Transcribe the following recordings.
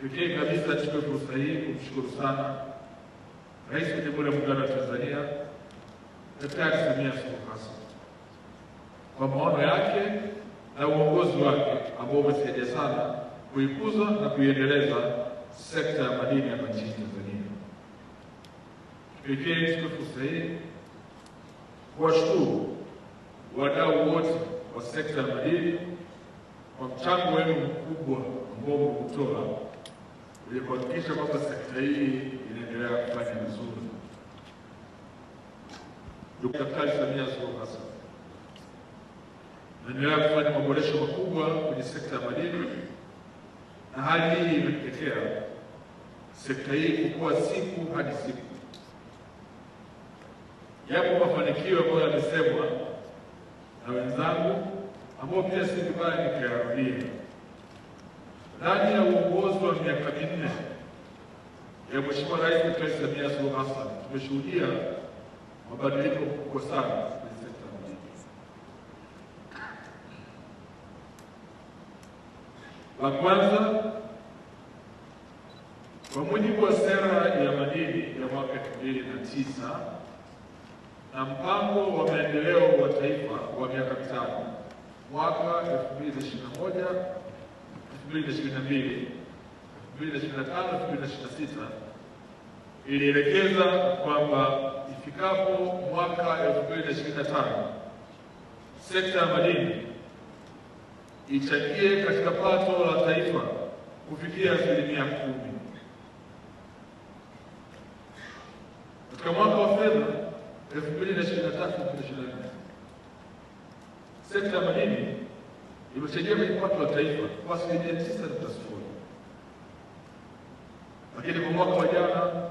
Kipekee kabisa nichukue fursa hii kumshukuru sana Rais wa Jamhuri ya Muungano wa Tanzania Daktari Samia Suluhu Hassan kwa maono yake na uongozi wake ambao umesaidia sana kuikuza na kuiendeleza sekta ya madini hapa nchini Tanzania. Kipekee nichukue fursa hii kuwashukuru wadau wote wa sekta ya madini kwa mchango wenu mkubwa ambao mmeutoa ili kuhakikisha kwamba sekta hii inaendelea kufanya vizuri. Daktari Samia Suluhu Hassan naendelea kufanya maboresho makubwa kwenye sekta ya madini, na hali hii imepelekea sekta hii kukua siku hadi siku. Yapo mafanikio ambayo yamesemwa na wenzangu, ambayo pia si vibaya nikayarudia ndani ya uongozi wa miaka minne ya Mheshimiwa Rais Daktari Samia Suluhu Hassan tumeshuhudia mabadiliko makubwa sana kwenye sekta ya La kwanza, kwa mujibu wa sera ya madini ya mwaka elfu mbili na tisa na mpango wa maendeleo wa taifa wa miaka mitano mwaka elfu mbili na ishirini na moja 2022, ilielekeza kwamba ifikapo mwaka 2025 sekta ya madini ichangie katika pato la taifa kufikia asilimia kumi. Katika mwaka wa fedha 2023 sekta ya madini tumesaidia kwenye watu wa taifa kwa asilimia tisa nukta sifuri, lakini kwa mwaka wa jana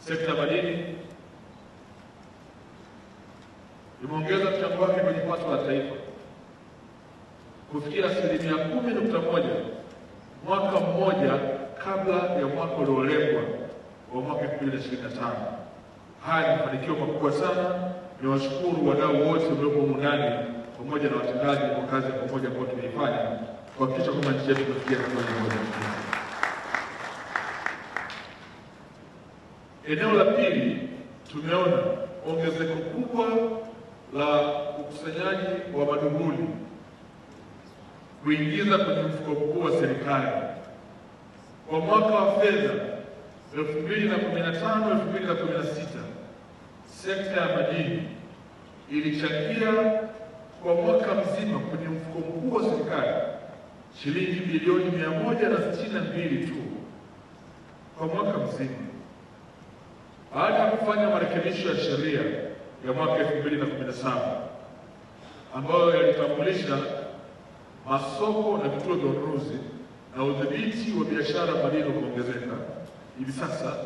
sekta madini imeongeza mchango wake kwenye pato la taifa kufikia asilimia kumi nukta moja mwaka mmoja kabla ya mwaka uliolengwa wa mwaka elfu mbili na ishirini na tano. Haya ni mafanikio makubwa sana. Niwashukuru wadau wote waliopo humu ndani pamoja na watendaji kwa kazi ya pamoja ambayo tumeifanya kuhakikisha kwamba nchi yetu imefikia hatua ya moja. Eneo la pili, tumeona ongezeko kubwa la ukusanyaji wa maduhuli kuingiza kwenye mfuko mkuu wa serikali kwa mwaka wa fedha 2015 2016 sekta ya madini ilichangia kwa mwaka mzima kwenye mfuko mkuu wa serikali shilingi bilioni mia moja na sitini na mbili tu kwa mwaka mzima. Baada ya kufanya marekebisho ya sheria ya mwaka elfu mbili na kumi na saba ambayo yalitambulisha masoko na vituo vya ununuzi na udhibiti wa biashara madini kuongezeka, hivi sasa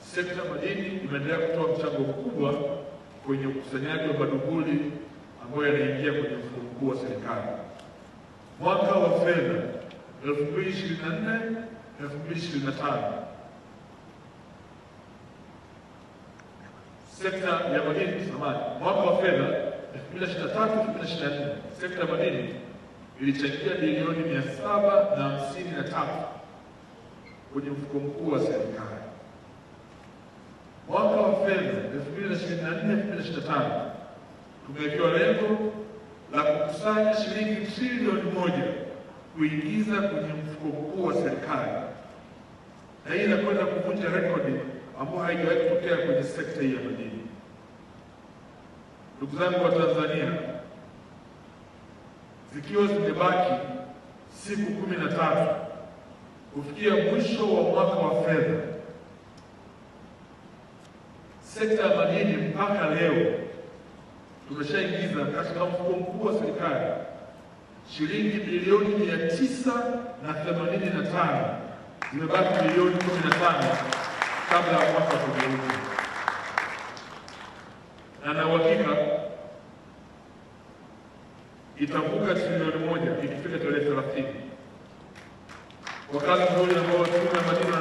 sekta madini imeendelea kutoa mchango mkubwa kwenye ukusanyaji wa maduguli ambayo yanaingia kwenye mfuko mkuu wa serikali. Mwaka wa fedha 2024 2025 sekta ya madini samani, mwaka wa fedha 2023 2024 sekta ya madini ilichangia bilioni 753 kwenye mfuko mkuu wa serikali. Mwaka wa fedha 2024 2025 tumewekewa lengo la kukusanya shilingi trilioni moja kuingiza kwenye mfuko mkuu wa serikali, na hii inakwenda kuvunja rekodi ambayo haijawahi kutokea kwenye sekta hii ya madini. Ndugu zangu wa Tanzania, zikiwa zimebaki siku kumi na tatu kufikia mwisho wa mwaka wa fedha, sekta ya madini mpaka leo tumeshaingiza katika mfuko mkuu wa serikali shilingi bilioni mia tisa na themanini na tano zimebaki milioni kumi na tano kabla ya mwaka kugeuka, na na uhakika itavuka trilioni moja ikifika tarehe thelathini. Kwa kazi nzuri ambayo tume ya madini